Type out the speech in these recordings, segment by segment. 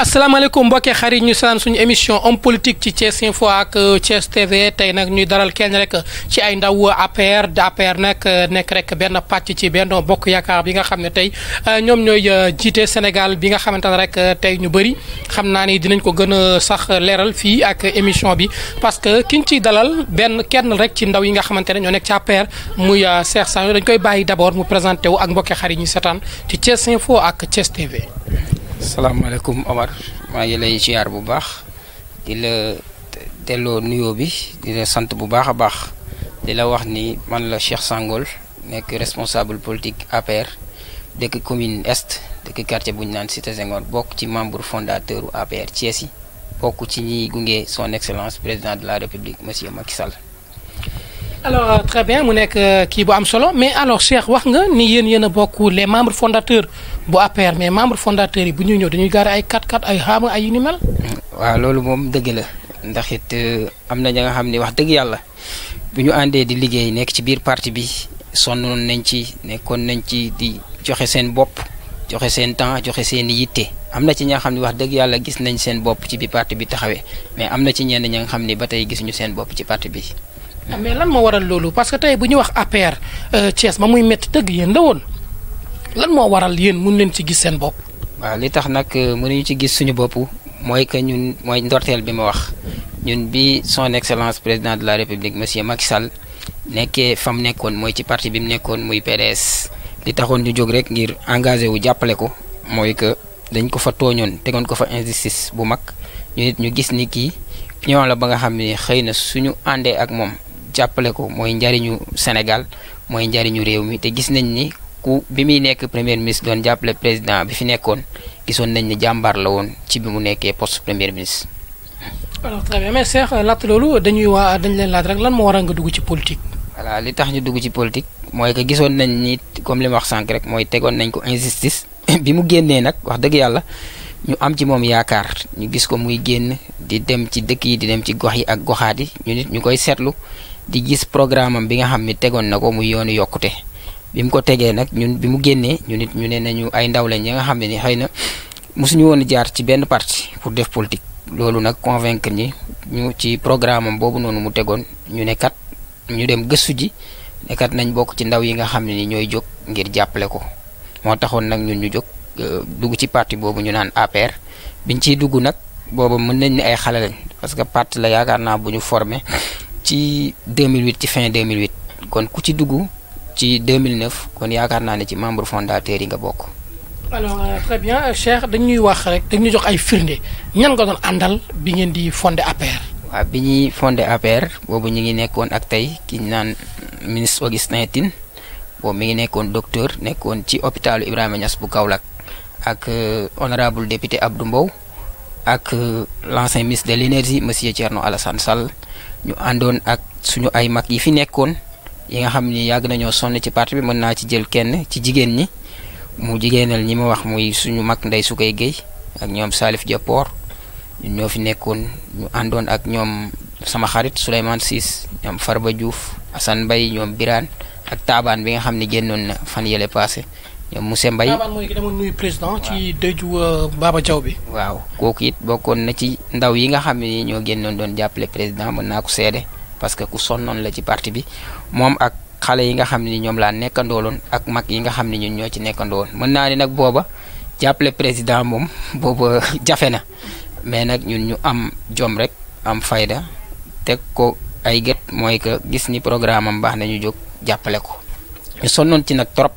asalaamaaleykum mbokki xarit ñu salaan suñu émission homme politique ci Thiès Info ak euh, Thiès TV tey nag ñuy daral kenn rek ci ay ndaw APR APR nag euh, nekk rek benn pàcc ci benn bokk yaakaar bi nga xam ne tey euh, ñoom ñooy Sénégal bi nga xamante ne rek tey ñu bëri xam naa ni dinañ ko gën sax leeral fii ak émission bi parce que kiñ ci dalal benn kenn rek ci ndaw yi nga xamante ne ñoo nekk ci APR muy Cheikh dañ koy bàyyi d'abord mu présenté wu ak mbokki xarit ñu ci Thiès Info ak Thiès TV salaamaaleykum Omar maa ngi lay ziar bu baax di la delloo nuyoo bi di la sant bu la wax ni man la Cheikh Sangol nekk responsable politique APR la commune est de quartier bu ñu naan Cité bokk ci membre fondateur APR Thiès yi bokk ci ñiy gunge son excellence président de la république monsieur Macky Sall. alors euh, très bien mu nekk euh, kii bu am solo mais alors Cheikh wax nga ni yéen yéen a bokk les membres bu APR mais membres fondateurs yi bu ñuy ñëw dañuy gaare ay 4-4 ay xaama ay yu waa loolu moom dëgg la ndax it euh, am na ña nga xam ne wax dëgg yàlla bu ñu àndee di liggéey nekk ci biir parti bi sonnoon nañ ci nekkoon nañ ci di joxe seen bopp joxe seen temps joxe seen yitte. am na ci ñi xam ne wax dëgg yàlla gis nañ seen bopp ci bi parti bi taxawee mais am na ci ñenn ñi nga xam ne ba tey gisuñu seen bopp ci parti bi. Ah, mais lan mo waral lulu parce que tay buñu ñu wax APR euh, Thiès ma muy metti deug yeen la won lan mo waral yeen mën leen ci gis sen bop wa li tax euh, mën ñu ci gis suñu bop moy que ñun moy ndortel bi wax ñun bi son excellence président de la république monsieur Macky Sall nekké fam nekkon moy ci parti bi nekkon muy PDS. li taxone ñu jog rek ngir engager wu jappalé ko moy que dañ ko fa té tegoon ko fa injustice bu mak ñu nit ñu gis ni ki ñoo la ba nga xamni xeyna suñu andé ak mom jàppale ko mooy njariñu senegal mooy njariñu réew mi te gis nañ ni ku bi muy premier ministre don jàppale président bi fi nekkoon gisoon nañ ni jàmbaar la woon ci poste premier ministre. alors très bien mais Cheikh laata loolu dañuy waa dañ leen laaj rek lan moo waral nga dugg ci politique. voilà li tax ñu dugg ci politique mooy que gisoon nañ ni comme li wax sànq rek mooy tegoon nañ ko injustice bi mu génnee wax dëgg ñu am ci ñu gis ko muy di dem ci dëkk yi di dem ci gox yi ak goxaat yi ñu nit di gis programme am bi nga xam ni tegoon na ko mu yoonu yokkute bi mu ko tegee nag ñun bi mu génnee ñun it ñu ne nañu ay ndaw lañ ñi nga xam ne ni xëy na mosuñu woon jaar ci benn parti pour def politique loolu nag convaincre ñi ñu ci programme am boobu noonu mu tegoon ñu ne kat ñu dem gëstu ji ne nañ bokk ci ndaw yi nga xam ne ni ñooy jóg ngir jàppale ko moo taxoon nag ñu ñu jóg euh, dugg ci parti boobu ñu naan APR biñ ciy dugg nag boobu mën nañ ni ay xale parce que parti la yaakaar naa bu ñu formé ci 2008 ci fin 2008 kon ku ci duggu ci 2009 kon yaakaar naa ne ci membre fondateur yi nga bokk alors euh, très bien euh, cheikh dañuy wax rek dañuy jox ay firnde ñan nga doon àndal bi ngeen di fondé APR waaw bi ñuy fondé APR boobu ñu ngi nekkoon ak tey ki naan ministre Augustin Tine boobu mi ngi nekkoon docteur nekkoon ci hôpital Ibrahima Niass bu Kaolack ak euh, honorable député Abdou Mbow ak euh, l'ancien ministre de l'énergie monsieur Thierno Alassane Sall ñu àndoon ak suñu ay mag yi fi nekkoon yi nga xam ni yàgg nañoo sonn ci parti bi mën naa ci jël kenn ci jigéen ñi mu jigéenal ñi ma wax muy suñu mag Ndey Sukay Guèye ak ñoom Salif Diapor ñun ñoo fi nekkoon ñu àndoon ak ñoom sama xarit Souleymane Ciss ñoom ba Diouf Assane Mbaye ñoom biraan ak taabaan bi nga xam ne génnoon na fan yële passé ñoom monsieur Mbaye Kaabaan président. ci dëju euh, Baba Diaw bi. waaw kooku it bokkoon na ci ndaw yi nga xam ne ñoo génnoon doon jàppale président mën naa ko seede parce que ku sonnoon la ci parti bi moom ak xale yi nga xam ne ñoom laa nekkandooloon ak mag yi nga xam ne ñun ñoo ci nekkandooloon mën naa ne nag booba jàppale président moom booba jafe na mais nag ñun ñu am jom rek am fayda teg ko ay gët mooy que gis ni programme am baax nañu jóg jàppale ko ñu sonnoon ci nag trop.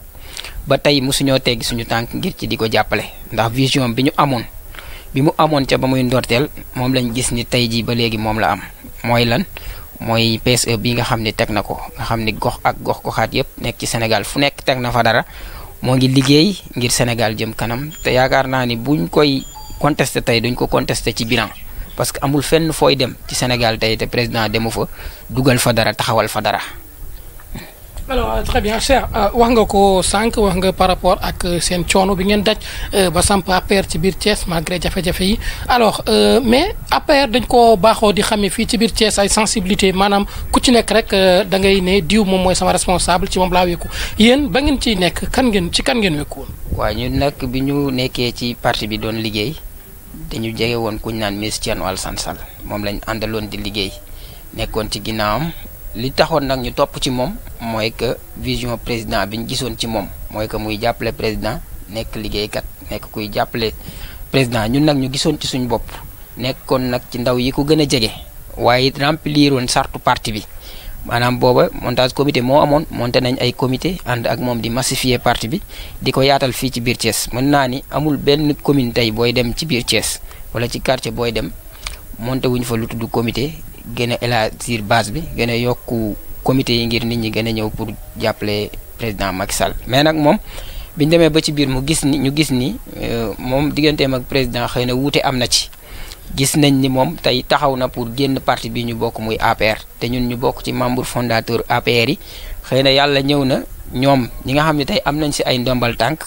ba tey mosuñoo teggi suñu tànk ngir ci di ko jàppale ndax vision bi ñu amoon bi mu amoon ca ba muy ndorteel moom lañ gis ni tey jii ba léegi moom la am mooy lan mooy ps e bi nga xam ne teg na ko nga xam ne gox ak gox goxaat yépp nekk ci Sénégal fu nekk teg na fa dara moo ngi liggéey ngir Sénégal jëm kanam te yaakaar naa ni buñ koy contesté tey duñ ko contesté ci bilan parce que amul fenn fooy dem ci Sénégal tey te président demu fa dugal fa dara taxawal fa dara alors euh, très euh, wax nga ko sànq wax nga par rapport ak euh, seen coono bi ngeen daj ba samp APR ci biir Thiès malgré jafe-jafe yi alors mais APR dañ ko baaxoo di xamee fii ci biir Thiès ay sensibilité maanaam ku ci nekk rek da ngay ne diw moom mooy sama responsable ci moom laa wékku yéen ba ngeen ci nekk kan ngeen ci kan ngeen wékku woon. waaw ñun nag bi ñu nekkee ci parti bi doon liggéey dañu jege woon kuñ naan ministre Thierno Alassane Sall moom lañu àndaloon di liggéey nekkoon ci ginnaawam li taxoon nag ñu topp ci moom mooy que vision président bi ñu gisoon ci moom mooy que muy jàppale président nekk liggéeykat nekk kuy jàppale président ñun nag ñu gisoon ci suñu bopp nekkoon nag ci ndaw yi ko gën a jege waaye it remplir woon sartu parti bi maanaam booba montage comité moo amoon monté nañ ay comité ànd ak moom di massifier parti bi di ko yaatal fii ci biir Thiès mën naa ni amul benn commune tey booy dem ci biir cees wala ci quartier booy dem monté fa lu tudd comité gën a élargir base bi gën yokku comité yi ngir nit ñi gën a ñëw pour jàppale président Macky Sall mais nag moom bi ñu demee ba ci biir mu gis ni ñu gis ni euh, moom digganteem ak président xëy na wuute am na ci gis nañ ni moom tey taxaw na pour génn parti bi ñu bokk muy APR te ñun ñu bokk ci membre fondateur APR yi xëy na yàlla ñëw na ñoom ñi nga xam ne tey am nañ si ay ndombal tànk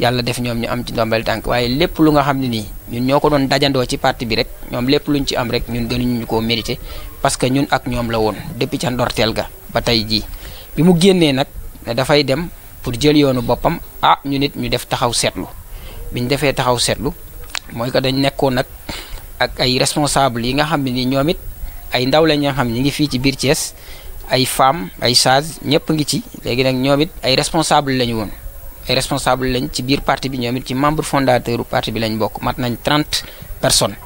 yalla def ñoom ñu am ci ndombal tànk waaye lépp lu nga xam doa nii ñun ñoo ko doon dajandoo ci parti bi rek ñoom lépp luñ ci am rek ñun gënuñu ñu koo mérité parce que ñun ak ñoom la woon depuis ca ndorteel ga ba tey jii bi mu dem pour jël yoonu boppam ah ñu nit ñu def taxaw seetlu biñ defee taxaw seetlu mooy que dañ nekkoon nag ak ay responsable yi nga xam ne nii ñoom it ay ndaw lañ nga xam ñi ngi ci ay ay ngi ci ay responsable lañu ay responsable lañ ci biir parti bi ñoom it ci membre fondateur parti bi lañ bokk mat nañ trente personnes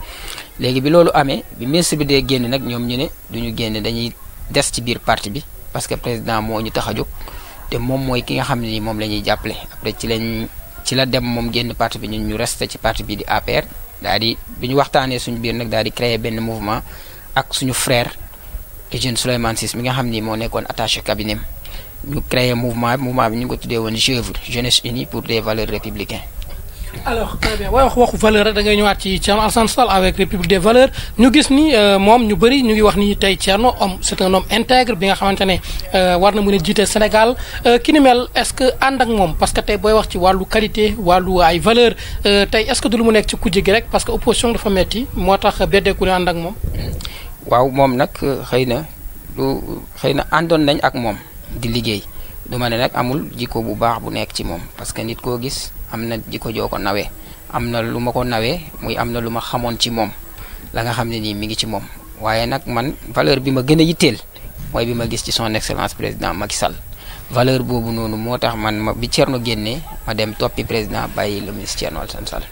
léegi bi loolu amee bi ministre bi dee génn nag ñoom ñu ne duñu génn dañuy des ci biir parti bi parce que président moo ñu tax a jóg te moom mooy ki nga xam ne ni moom la ñuy jàppale après ci lañ ci la dem moom génn parti bi ñun ñu resté ci parti bi di APR daal di bi ñu waxtaanee suñu biir nag daal di créer benn mouvement ak suñu frère Eugène Souleymane Ciss mi nga xam ni moo nekkoon attaché cabinet nous créé mouvement mouvement bi ñu ngi ko jeunesse unie pour des valeurs républicaines. alors très bien waaye wax waxu valeur rek da ngay ñëwaat ci Thierno Alassane Sall avec République des valeurs ñu gis ni euh, moom ñu bari, ñu ngi wax ni tey Thierno homme c'est un homme intègre bi nga xamante ne euh, war na mën a Sénégal euh, ki ni mel est-ce que ànd ak moom parce que Tay booy wax ci wàllu qualité wàllu ay valeur Tay, est-ce que du lu mu nekk ci kujje rek parce que opposition dafa metti moo tax beddeeku ne ànd ak Mom? waaw Mom, nag xëy na lu xëy na àndoon nañ ak moom. di liggéey du ma ne nag amul jikko bu baax bu nekk ci moom parce que nit koo gis am na jikko joo ko nawee am na lu ma ko nawee muy am na lu ma xamoon ci moom la nga xam ne nii mi ngi ci moom waaye nag man valeur bi ma gën a yitteel mooy bi ma gis ci son excellence président Macky sal valeur boobu noonu moo tax man ma bi Thierno génnee ma dem toppi président bàyyi le ministre Thierno Alassane sal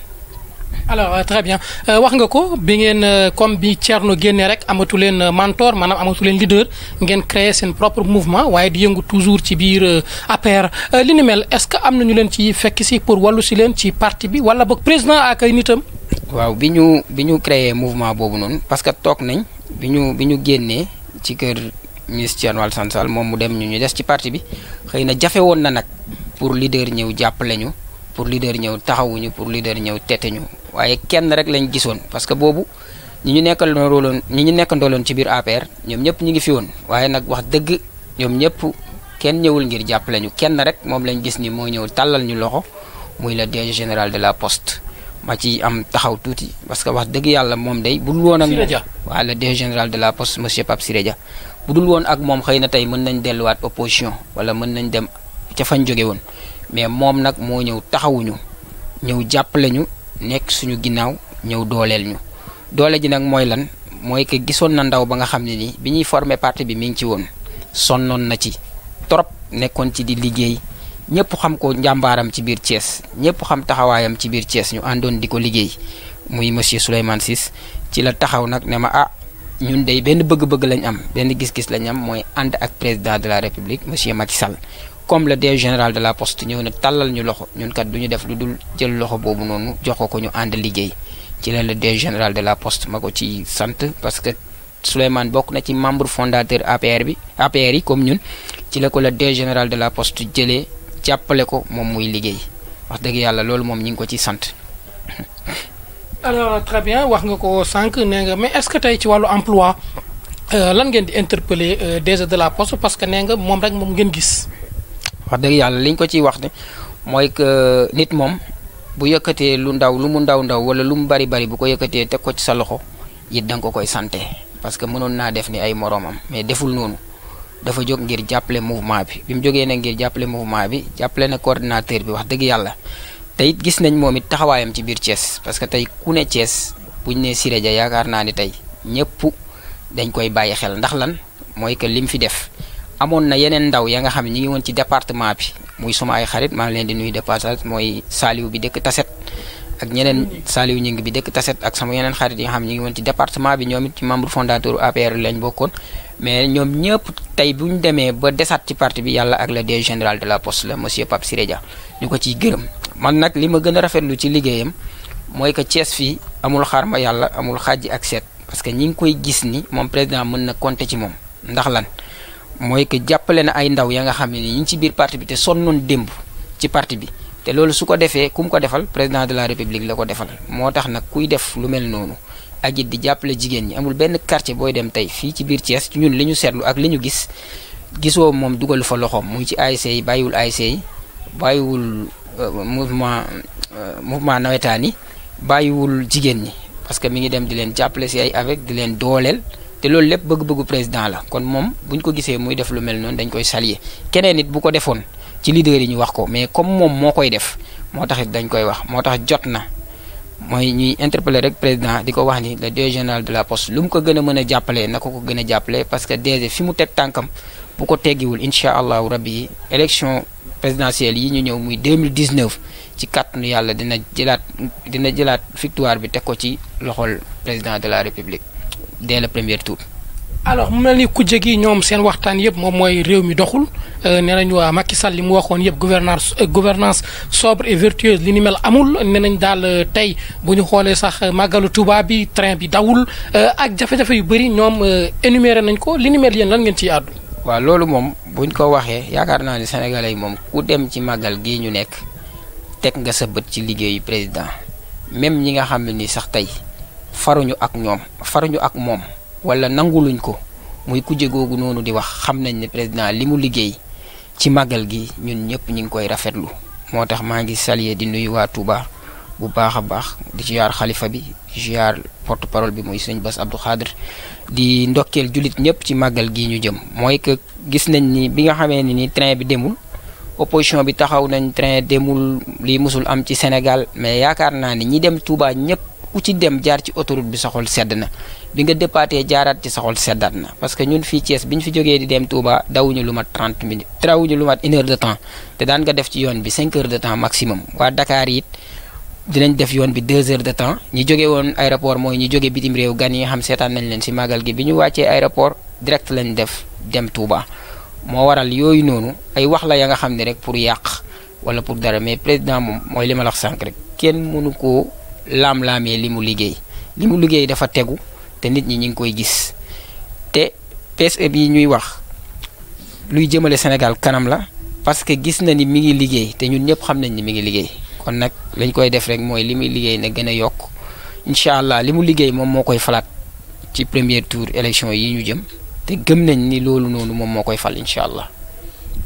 alors euh, très bien euh, wax nga ko bi ngeen euh, comme bi Thierno génnee rek amatu len mentor manam amatu len leader ngeen créer seen propre mouvement waye di yëngu toujours ci biir APR li ni mel est-ce que am na ñu leen ci fekk ci pour walu ci len ci parti bi wala bok président ak ay nitam. waaw biñu biñu créer mouvement bobu non parce que tok nañ biñu biñu génné ci kër ministre Thierno Alassane Sall mom mu dem ñu ñu des ci parti bi xeyna na won na nak pour leader ñew jàppale ñu pour leader ñëw taxawuñu pour leader ñew tete ñu. waaye kenn rek lañ gisoon parce que boobu ñi ñu nekkaloon ñi ñu nekkandooloon ci biir APR ñoom ñëpp ñu ngi fi woon waaye nag wax dëgg ñoom ñëpp kenn ñëwul ngir jàppale ñu kenn rek moom lañ gis ni moo ñëw tàllal ñu loxo muy le DG général de la poste ma ci am taxaw tuuti parce que wax dëgg yàlla moom day bu dul woon ak waa le DG général de la poste monsieur Pape Siré Dia bu dul woon ak moom xëy na tey mën nañ delluwaat opposition wala mën nañ dem ca fañ jóge woon mais moom nag moo ñëw taxawuñu ñëw jàppale ñu nekk suñu ginnaaw ñëw dooleel ñu doole ji nag mooy lan mooy que gisoon na ndaw ba nga xam ne nii bi ñuy former parti bi mi ngi ci woon sonnoon na ci trop nekkoon ci di liggéey ñëpp xam ko njàmbaaram ci biir cees ñëpp xam taxawaayam ci biir Thiès ñu àndoon di ko liggéey muy monsieur Souleymane Ciss ci la taxaw nag ne ma ah ñun dey benn bëgg-bëgg lañ am benn gis-gis lañ am mooy ànd ak président de la république monsieur Macky comme le directeur général de la poste ñëw na talal ñu loxo ñun kat duñu def lu dul jël loxo bobu nonu jox ko ñu and liggéey ci la le directeur général de la poste ma ci sante parce que Souleymane bok na ci membre fondateur APR bi APR yi comme ñun ci la ko le directeur général de la poste jëlé jàppale ko mom muy liggéey wax deug yalla loolu mom ñi ngi ko ci sante alors très bien wax nga ko sank né nga mais est ce que tay ci walu emploi euh, lan ngeen di interpeller euh, DG de la poste parce que né nga mom rek mom ngeen gis wax dëgg yàlla liñ ko ciy wax ne mooy que nit moom bu yëkkatee lu ndaw lu mu ndaw ndaw wala lu mu bari bari bu ko yëkkatee teg ko ci sa loxo it da nga ko koy sante parce que mënoon naa def ni ay moroomam mais deful noonu dafa jóg ngir jàppale mouvement bi bi mu jógee ne ngir jàppale mouvement bi jàppale na coordinateur bi wax dëgg yàlla te gis nañ moom it taxawaayam ci biir Thiès parce que tey ku ne Thiès buñ ne sire Dia yaakaar naa ni tey ñëpp dañ koy bàyyi xel ndax lan mooy lim fi def Amon na yenen ndaw ya nga xamni ñi ngi won ci département bi muy suma ay xarit ma ngi leen di nuy département moy saliw bi dekk taset ak ñeneen saaliw ñing bi dekk taset ak sama yenen xarit yi nga xamni ñi ngi won ci département bi ñoom ci membre fondateur APR lañ bokkon mais ñoom ñepp tay bu démé ba ci parti bi yalla ak le dé général de la poste le monsieur Pape Sirédia Dia ci gërem man nak lima gëna ci ligéyam moy ties fi amul xaar ma amul xaji ak set parce que ñi ngi koy gis ni mom président mëna na compter ci mom ndax lan mooy que jàppale na ay ndaw ya nga xam ne ni ñi ngi ci biir parti bi te sonnoon démb ci parti bi te loolu su ko defee ku mu ko defal président de la république la ko defal moo tax nag kuy def lu mel noonu ak ajit di jàppale jigéen ñi amul benn quartier booy dem tey fii ci biir Thiès ñun li ñu seetlu ak li ñu gis gisoo moom dugalu fa loxoom mu ngi ci ASC yi bàyyiwul ASC yi bàyyiwul euh, mouvement euh, mouvement nawetaan yi bàyyiwul jigéen ñi parce que mi ngi dem di leen jàppale si ay avec di leen dooleel te loolu lépp bëgg-bëggu président la kon moom bu ñu ko gisee muy def lu mel noonu dañ koy saluer keneen nit bu ko defoon ci leader yi ñu wax ko mais comme moom moo koy def moo tax dañ koy wax moo tax jot na mooy ñuy interpeller rek président di ko wax ni le directeur général de la poste lu mu ko gën a mën a jàppalee na ko ko gën a parce que DG fi mu teg tànkam bu ko teggiwul incha allahu rabbi yi élection présidentielle yi ñu ñëw muy 2019 ci kàttanu yàlla dina jëlaat dina jëlaat victoire bi teg ko ci loxol président de la république dès le premier tour. alors mu mel ni kujje gi ñoom seen waxtaan yëpp moom mooy réew doxul euh, nee nañ waa Macky Sall mu waxoon yëpp gouvernance euh, gouvernance sobre et vertueuse li ni mel amul nee nañ daal euh, tey bu sax màggalu Touba bi train bi dawul ak jafe-jafe yu bëri ñoom énuméré nañ ko li ni mel yéen lan ngeen ciy àddu. waaw loolu moom buñ ko waxee yaakaar naa sénégalais yi moom ku dem ci màggal gii ñu nekk teg nga sa bët ci liggéeyu président même ñi nga xam sax tey. faruñu ak ñoom faruñu ak moom wala nanguluñ ko muy kuje googu noonu di wax xam nañ ne président li mu liggéey ci màggal gi ñun ñëpp ñu ngi koy rafetlu moo tax maa ngi di nuyu waa Touba bu baax a baax di ziar xalifa bi ziar porte parole bi muy sëñ bas Abdou di ndokkeel julit ñëpp ci màggal gi ñu jëm mooy que gis nañ ni bi nga xamee ni train bi demul opposition bi taxaw nañ train demul li musul am ci Sénégal mais yaakaar naa ni ñi dem Touba ñëpp ku ci dem jaar ci autoroute bi saxol sedd na bi nga dépaatee jaaraat ci saxol seddaat na parce que ñun fii Thiès bi ñu fi jógee di dem Touba dawuñu lu mat 30 minutes dawuñu lu une heure de temps te daan nga def ci yoon bi 5 heures de temps maximum waa Dakar it dinañ def yoon bi 2 heures de temps ñi jóge woon aéroport mooy ñi jóge bitim réew gan yi xam seetaan nañ leen ci màggal gi bi ñu wàccee aéroport direct lañ def dem Touba moo waral yooyu noonu ay wax la ya nga xam ne rek pour yàq wala pour dara mais président moom mooy li ma la sànq laam-laamee li mu liggéey li mu liggéey dafa tegu te nit ñi ñu ngi koy gis te PSE yi ñuy wax luy jëmale Sénégal kanam la parce que gis na ni mi ngi liggéey te ñun ñëpp xam nañ ni mi ngi liggéey kon nag lañ koy def rek mooy li muy liggéey ne gën a yokk incha allah li mu liggéey moom moo koy falaat ci premier tour élection yi ñu jëm te gëm nañ ni loolu noonu moom moo koy fal incha allah.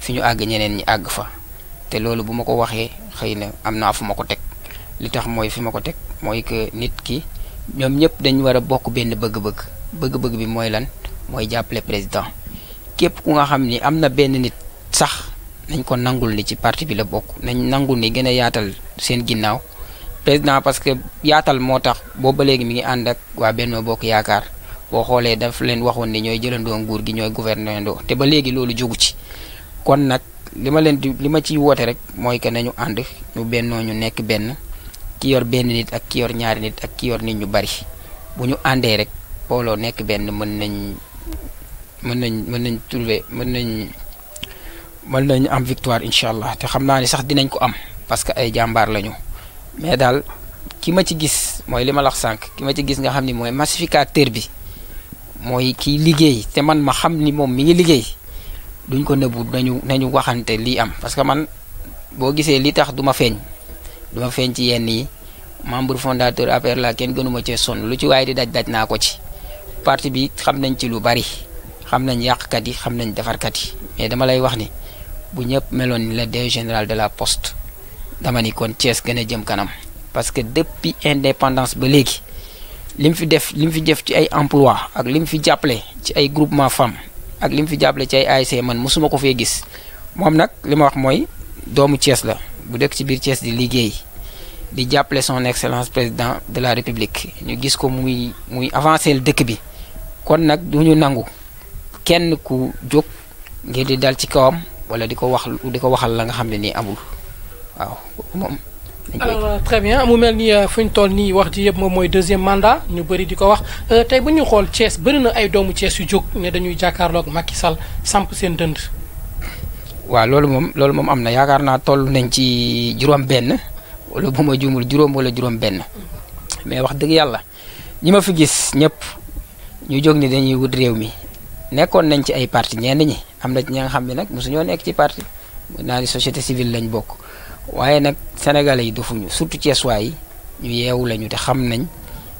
fi ñu àgg ñeneen ñi àgg fa te loolu bu ma ko waxee xëy na am naa fu ma ko teg li tax mooy fi ma ko teg mooy que nit ki ñoom ñëpp dañ war a bokk benn bëgg-bëgg bëgg-bëgg bi mooy lan mooy jàppale président képp ku nga xam ni am na benn nit sax nañ ko nangul ni ci parti bi la bokk nañ nangul ni gën a yaatal seen ginnaaw président parce que yaatal moo tax booba léegi mu ngi ànd ak waa benn Bokk Yaakaar boo xoolee daf leen waxoon ni ñooy jëlandoo nguur gi ñooy gouverner ndoo te ba léegi loolu jógu ci kon nak lima len di lima ma ciy woote rek mooy que nañu ànd ñu bennoo ñu nekk benn ki yor benn nit ak ki yor ñaari nit ak ki yor nit ñu bari bu ñu àndee rek booloo nekk benn mën nañ mën nañ mën nañ trouver mën nañ mën nañ am victoire incha allah te xam naa ni sax dinañ ko am parce que ay jàmbaar lañu mais dal ki ma ci gis mooy lima ma lax ki ma ci gis nga xam ni mooy massificateur bi mooy kiy liggéey te man ma xam ni mi ngi liggéey duñ ko nebu nañu nañu waxante li am parce que man bo gisee li tax duma feñ duma feñ ci yenn yi membre fondateur affaire la kenn gënuma ci son lu ci waaye di daj daj naa ko ci parti bi xam nañ ci lu bari xam nañ yàqkat yi xam nañ defarkat yi mais dama lay wax ni bu ñëpp meloon le dé général de la poste dama ni kon ties gën a jëm kanam parce que depuis indépendance ba léegi lim fi def lim fi def ci ay emploi ak lim fi jàppale ci ay groupement femme ak li mu fi jàppale ci ay ASC man mosuma ko fee gis moom nag li ma wax mooy doomu cees la bu dëkk ci biir cees di liggéey di jàppale son excellence président de la république ñu gis ko muy muy avancé dëkk bi kon nag du ñu nangu kenn ku jóg ngir di dal ci kawam wala di ko wax di ko waxal la nga xam ne nii amul waaw moom. alors euh, très bien mu mel ni euh, fuñ toll ni wax ji yeb mom moy deuxième mandat ñu bari diko wax euh tay bu ñu xol Thiès bari na ay doomu Thiès yu jog ne dañuy jàkkaarloog Macky Sall samp seen dënd. lolu mom lolu mom amna yaakar na toll nañ ci juroom ben wala bu ma jumul juroom wala juroom ben mais wax deug yalla ñi ma fi gis ñep ñu jog ni dañuy wut rew mi nekkon nañ ci ay parti ñen ñi amna ci nga xamni nak nag ñoo nekk ci parti naa ni société civile lañ bokk. waaye nag sénégalais yi dofuñu surtout ceesuwaay yi ñu yeewu lañu te xam nañ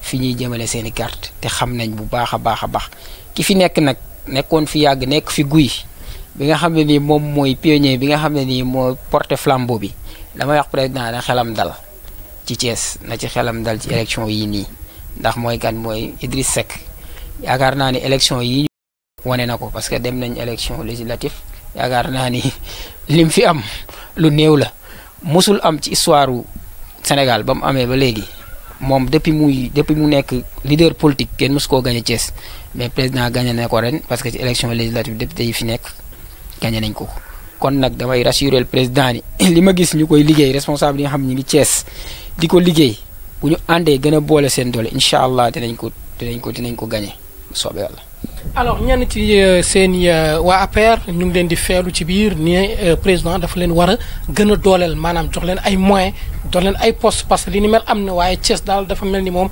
fi ñuy jëmale seeni carte te xam nañ bu baax a baax a baax ki fi nekk nag nekkoon fi yàgg nekk fi guy bi nga xam ne nii moom mooy pionnier bi nga xam ne nii moo porté flambeau bi damay wax naa ne xelam dal ci Thiès na ci xelam dal ci élection yi nii ndax mooy kan mooy Idriss Seck yaakaar naa ni élection yi wane na ko parce que dem nañ élection législative yaakaar naa ni lim fi am lu néew la mosul am ci histoire u Sénégal ba mu amee ba léegi moom depuis muy depuis mu nekk leader politique kenn mosu koo gagné cees mais président gagné na ko ren parce que ci élection législative député yi fi nekk gagné nañ ko. kon nag damay rassurer le président ni li ma gis ñu koy liggéey responsable yi nga xam ñu ngi cees di ko liggéey bu ñu àndee gën a boole seen doole incha allah dinañ ko dinañ ko dinañ ko gagné soobee yàlla. alors ñenn ci euh, seen i euh, waa APR ñu ngi leen di feelu ci biir ne euh, président dafa leen war a gën a dooleel maanaam jox leen ay moyens jox leen ay postes parce que li ni mel am na waaye Thiès daal dafa mel ni moom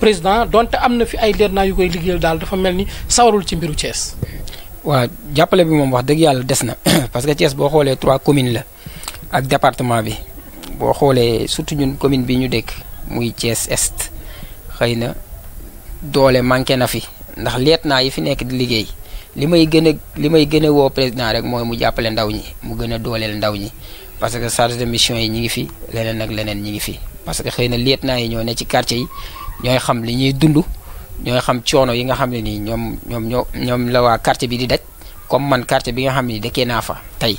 président donte am na fi ay leer naa yu koy liggéeyal daal dafa mel ni sawarul ci mbiru Thiès. waa jàppale bi moom wax dëgg yàlla des na parce que Thiès boo xoolee trois communes la ak département bi boo xoolee surtout ñun commune bi ñu dëkk muy Thiès xëy na doole manqué na fi. ndax lieutenant yi fi nekk di liggéey li may gën a li may gën a woo président rek mooy mu jàppale ndaw ñi mu gën a dooleel ndaw ñi parce que charge de mission yi ñi ngi fi leneen ak leneen ñi ngi fi parce que xëy na lieutenant yi ñoo ne ci quartier yi ñooy xam li ñuy dund ñooy xam coono yi nga xam ne nii ñoom ñoom ñoo ñoom la waa quartier bi di daj comme man quartier bi nga xam ne dëkkee naa fa tey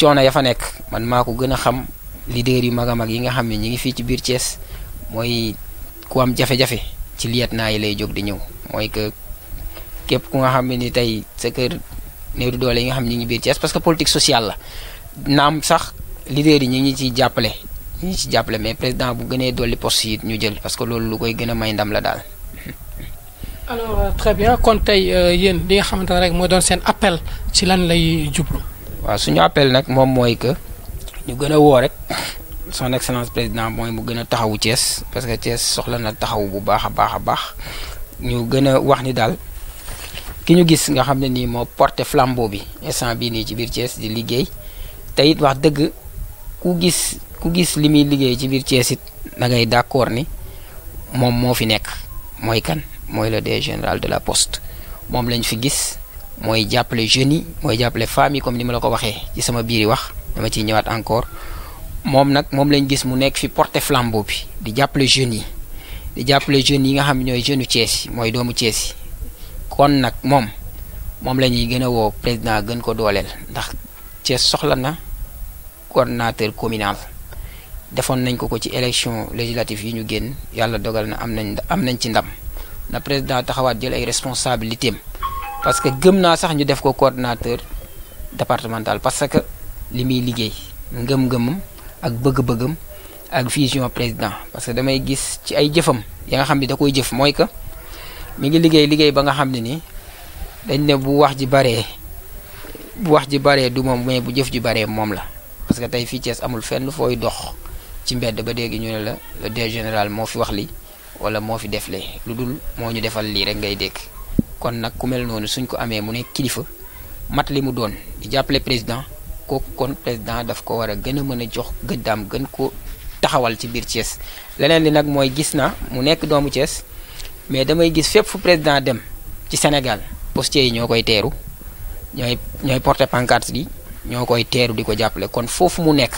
coono ya fa nekk man maa ko gën a xam leader yu mag a mag yi nga xam ne ñi ngi fii ci biir Thiès mooy ku am jafe-jafe ci lieutenant yi lay jóg di ñëw moy que képp ku nga xam ni tay sa kër néeru doole yi nga xam ne ngi biir ci parce que politique sociale la naam sax leader yi ñi ngi ciy jàppale ñu ngi jàppale mais président bu gënee dolli poste yi ñu jël parce que loolu lu koy gën a may ndam la daal. alors euh, très bien kon tey euh, yéen li nga xamante rek moo doon seen appel ci lan lay jublu. waaw suñu appel nag moom mooy que ñu gën a woo rek son excellence président mooy mu gën a taxawu Thiès parce que Thiès soxla na taxawu bu baax a baax. ñu gën a wax ni daal ki ñu gis nga xam ne nii moo porté flambo bi instant bii nii ci biir cees di liggéey te it wax dëgg ku gis ku gis li muy liggéey ci biir Thiès it da ngay d'accord ni moom moo fi nekk mooy kan mooy le DG général de la poste moom lañ fi gis mooy jàppale jeunes yi mooy jàppale femmes yi comme ni ma la ko waxee ci sama biiri wax dama ciy ñëwaat encore moom nag moom lañ gis mu nekk fi porté flambo bi di jàppale jeunes yi di jàppale jeunes yi nga xam ñooy jeunes yu yi mooy doomu Thiès yi kon nag moom moom la ñuy gën a woo président gën ko dooleel ndax Thiès soxla na coordonnateur communal defoon nañ ko ko ci élection législative yi ñu génn yàlla dogal na am nañ am nañ ci ndam na président taxawaat jël ay responsabilités am parce que gëm naa sax ñu def ko coordonnateur départemental parce que li muy liggéey ngëm-ngëmam ak bëgg-bëggam ak vision président parce que damay gis ci ay jëfam ya nga xam ne da koy jëf mooy que mi ngi liggéey liggéey ba nga xam ne ni dañ ne bu wax ji baree bu wax ji baree du moom mais bu jëf ji baree moom la parce que tey fii Thiès amul fenn fooy dox ci mbedd ba dégg ñu ne la le directeur général moo fi wax li wala moo fi def le lu dul moo ñu defal lii rek ngay dégg kon nag ku mel noonu suñ ko amee mu nekk kilifa mat li mu doon di jàppale président kooku kon président daf ko war a gën a mën a jox gëddaam gën ko taxawal ci biir Thiès leneen li nag mooy gis na mu nekk doomu Thiès mais damay gis fépp fu président dem ci Sénégal postiers yi ñoo koy teeru ñooy ñooy porter pancarte yi ñoo koy teeru di ko jàppale kon foofu mu nekk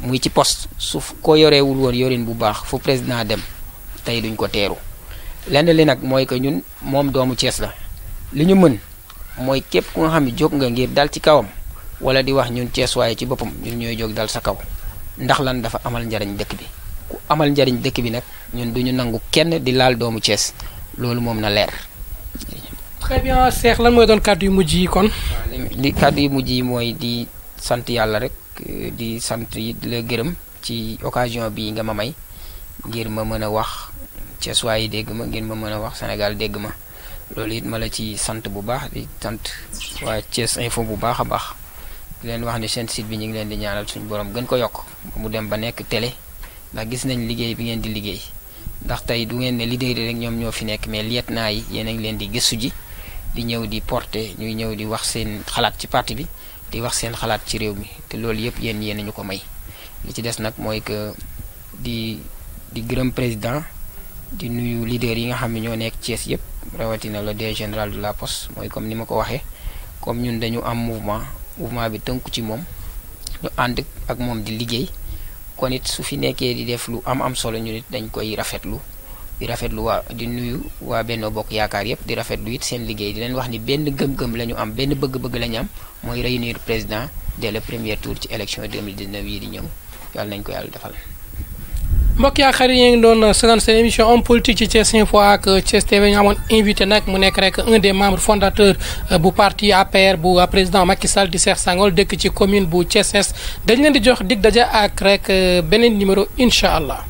muy ci post su ko yorewul woon yorin bu baax fu président dem tey duñ ko teeru leneen li nag mooy que ñun moom doomu Thiès la li ñu mën mooy képp ku nga xam ne jóg nga ngir dal ci kawam wala di wax ñun Thiès waaye ci boppam ñun ñooy jóg dal sa kaw ndax lan dafa amal njariñ dëkk bi ku amal njariñ dëkk bi nag ñun duñu nangu kenn di laal doomu Cees loolu moom na leer. très bien Cheikh mooy doon kàddu yu mujj yi kon. li kàddu yu mujj yi mooy di sant yàlla rek di sant yi di la gërëm ci occasion bi nga ma may ngir ma mën a wax Cees waaye dégg ma ngir ma mën a wax Sénégal dégg ma loolu it ma la ci sant bu baax di sant waa Cees info bu baax a baax. di leen wax ne seen site bi ñu ngi leen di ñaanal suñu borom gën ko yokk mu dem ba nekk télé ndax gis nañ liggéey bi ngeen di liggéey ndax tey du ngeen ne leader rek ñoom ñoo fi nekk mais liet naa yi yéen a ngi leen di gëstu ji di ñëw di porter ñuy ñëw di wax seen xalaat ci parti bi di wax seen xalaat ci réew mi te loolu yépp yéen yéen ñu ko may li ci des nag mooy que di di gërëm président di nuyu leader yi nga xam ne ñoo nekk Thiès yépp rawatina le DG général de la poste mooy comme ni ma ko waxee comme ñun dañu am mouvement mouvement bi tënku ci moom ñu ànd ak moom di liggéey kon it su fi nekkee di def lu am am solo ñu nit dañ koy rafetlu di rafetlu waa di nuyu waa Benno Bokk Yaakaar yëpp di rafetlu it seen liggéey di leen wax ni benn gëm-gëm la am benn bëgg-bëgg la mooy am mooy réunir président de le premier tour ci élection 2019 yi di ñëw yàlla nañ ko yàlla defal. mbokk yaa xarit yi doon seetaan seen émission homme politique ci Thiès Info ak Thiès TV ñu invité nag mu nekk rek un des membre fondateurs euh, bu parti APR bu euh, président Macky Sall di Cheikh Sangol dëkk ci commune bu Thiès dañ leen di jox dig daja ak rek euh, beneen numéro incha allah.